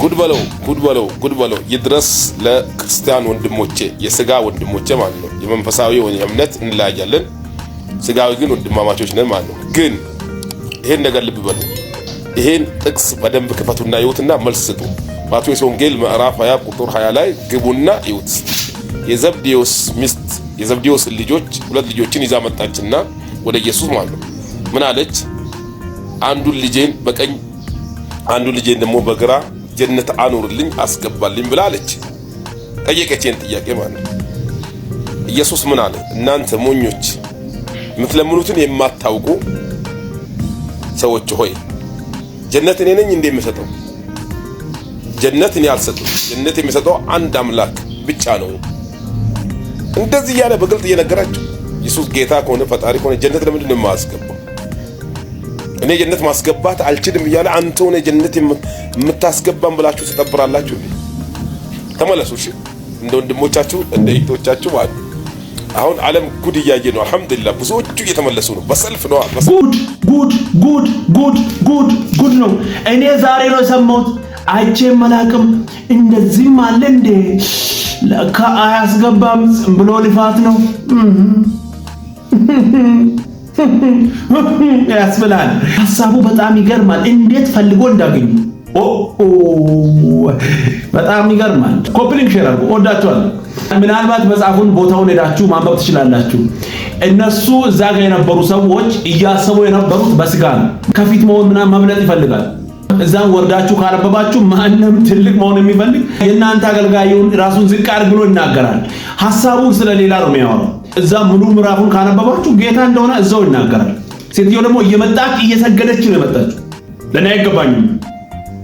ጉድ በለው ጉድ በለው ጉድ በለው ይድረስ ለክርስቲያን ወንድሞቼ የስጋ ወንድሞቼ ማለት ነው። የመንፈሳዊ እምነት እንለያያለን፣ ስጋዊ ግን ወንድማማቾች ነን ማለት ነው። ግን ይሄን ነገር ልብ በሉ። ይሄን ጥቅስ በደንብ ክፈቱና ይሁትና መልስ ስጡ። ማቴዎስ ወንጌል ምዕራፍ 20 ቁጥር 20 ላይ ግቡና ይሁት። የዘብዴዎስ ሚስት የዘብዴዎስ ልጆች ሁለት ልጆችን ይዛ መጣችና ወደ ኢየሱስ ማለት ነው። ምን አለች? አንዱን ልጄን በቀኝ አንዱን ልጄን ደግሞ በግራ ጀነት አኑርልኝ አስገባልኝ ብላለች። ጠየቀችን ጥያቄ ማለት ነው። ኢየሱስ ምን አለ? እናንተ ሞኞች የምትለምኑትን የማታውቁ ሰዎች ሆይ ጀነት እኔ ነኝ እንዴ የምሰጠው? ጀነት እኔ አልሰጠው። ጀነት የሚሰጠው አንድ አምላክ ብቻ ነው። እንደዚህ እያለ በግልጥ እየነገራቸው ኢየሱስ ጌታ ከሆነ ፈጣሪ ከሆነ ጀነት ለምንድን ነው የማያስገባው? እኔ ጀነት ማስገባት አልችልም እያለ አንተ ሆነ ጀነት የምታስገባን ብላችሁ ትጠብራላችሁ። ተመለሱ። እሺ እንደ ወንድሞቻችሁ እንደ እህቶቻችሁ አሉ። አሁን ዓለም ጉድ እያየ ነው። አልሐምዱሊላህ ብዙዎቹ እየተመለሱ ነው። በሰልፍ ነው። ጉድ ጉድ ጉድ ጉድ ጉድ ጉድ ነው። እኔ ዛሬ ነው የሰማሁት። አይቼም መላቅም እንደዚህ አለ እንዴ! ለካ አያስገባም ብሎ ልፋት ነው። ያስብላል። ሀሳቡ በጣም ይገርማል። እንዴት ፈልጎ እንዳገኙ በጣም ይገርማል። ኮፕሊንግ ሼር አድርጉ። ወዳቸዋል። ምናልባት መጽሐፉን ቦታውን ሄዳችሁ ማንበብ ትችላላችሁ። እነሱ እዛ ጋር የነበሩ ሰዎች እያሰቡ የነበሩት በስጋ ነው። ከፊት መሆን ምናምን መብለጥ ይፈልጋል። እዛም ወርዳችሁ ካነበባችሁ ማንም ትልቅ መሆን የሚፈልግ የእናንተ አገልጋዩን ራሱን ዝቅ አድርጎ ይናገራል። ሀሳቡ ስለሌላ ነው የሚያወራው። እዛ ሙሉ ምዕራፉን ካነበባችሁ ጌታ እንደሆነ እዛው ይናገራል። ሴትዮ ደግሞ እየመጣች እየሰገደች ነው የመጣችሁ። ለእኔ አይገባኝም፣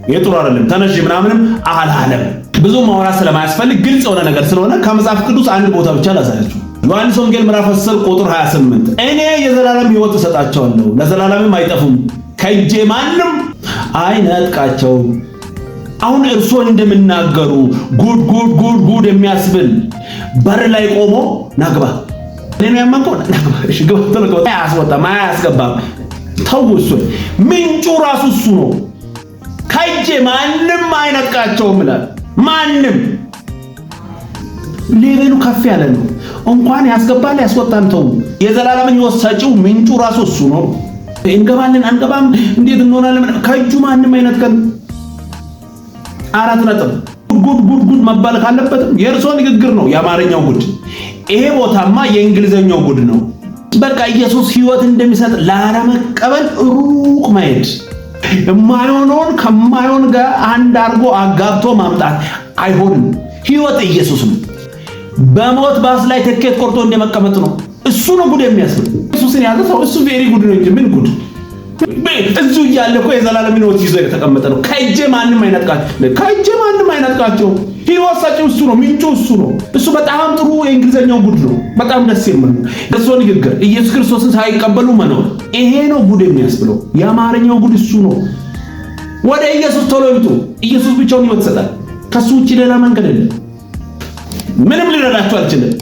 ይሄ ጥሩ አይደለም፣ ተነሽ ምናምንም አላለም። ብዙ ማውራት ስለማያስፈልግ ግልጽ የሆነ ነገር ስለሆነ ከመጽሐፍ ቅዱስ አንድ ቦታ ብቻ ላሳያችሁ። ዮሐንስ ወንጌል ምዕራፍ 10 ቁጥር 28 እኔ የዘላለም ሕይወት እሰጣቸዋለሁ፣ ለዘላለምም አይጠፉም፣ ከእጄ ማንም አይነጥቃቸው አሁን እርሶ እንደምናገሩ ጉድ ጉድ ጉድ ጉድ የሚያስብል በር ላይ ቆሞ ናግባ እኔ ነው ያመንከው። አያስወጣም፣ አያስገባም። ተው እሱን፣ ምንጩ ራሱ እሱ ነው። ከእጄ ማንም አይነቃቸውም እላል ማንም ሌቤሉ ከፍ ያለ ነው። እንኳን ያስገባል ያስወጣን ተው። የዘላለምን ሕይወት ሰጪው ምንጩ ራሱ እሱ ነው። እንገባለን አንገባም፣ እንዴት እንሆናለን፣ ከእጁ ማንም አይነጥቀን። አራት ነጥብ። ጉድ ጉድ ጉድ መባል ካለበትም የእርሶ ንግግር ነው የአማርኛው ጉድ ይሄ ቦታማ የእንግሊዘኛው ጉድ ነው። በቃ ኢየሱስ ህይወት እንደሚሰጥ ላለመቀበል ሩቅ መሄድ፣ የማይሆነውን ከማይሆን ጋር አንድ አድርጎ አጋብቶ ማምጣት አይሆንም። ህይወት ኢየሱስ ነው። በሞት ባስ ላይ ትኬት ቆርጦ እንደመቀመጥ ነው። እሱ ነው ጉድ የሚያስብ ኢየሱስን ያዘ ሰው እሱ ቬሪ ጉድ ነው እንጂ ምን ጉድ! እዙ እያለ እኮ የዘላለም ህይወት ይዞ የተቀመጠ ነው። ከእጄ ማንም አይነጥቃቸው፣ ከእጄ ማንም አይነጥቃቸው። ህይወት ሰጪው እሱ ነው፣ ምንጩ እሱ ነው። እሱ በጣም ጥሩ የእንግሊዘኛው ጉድ ነው። በጣም ደስ የምል ደሶ ንግግር ኢየሱስ ክርስቶስን ሳይቀበሉ መኖር ይሄ ነው ጉድ የሚያስብለው። የአማርኛው ጉድ እሱ ነው። ወደ ኢየሱስ ቶሎ ይምጡ። ኢየሱስ ብቻውን ህይወት ይሰጣል። ከሱ ውጭ ሌላ መንገድ የለም። ምንም ሊረዳችሁ አልችልም።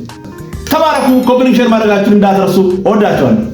ተባረኩ። ኮምፕሊሽን ማድረጋችሁን እንዳትረሱ። እወዳችኋለሁ።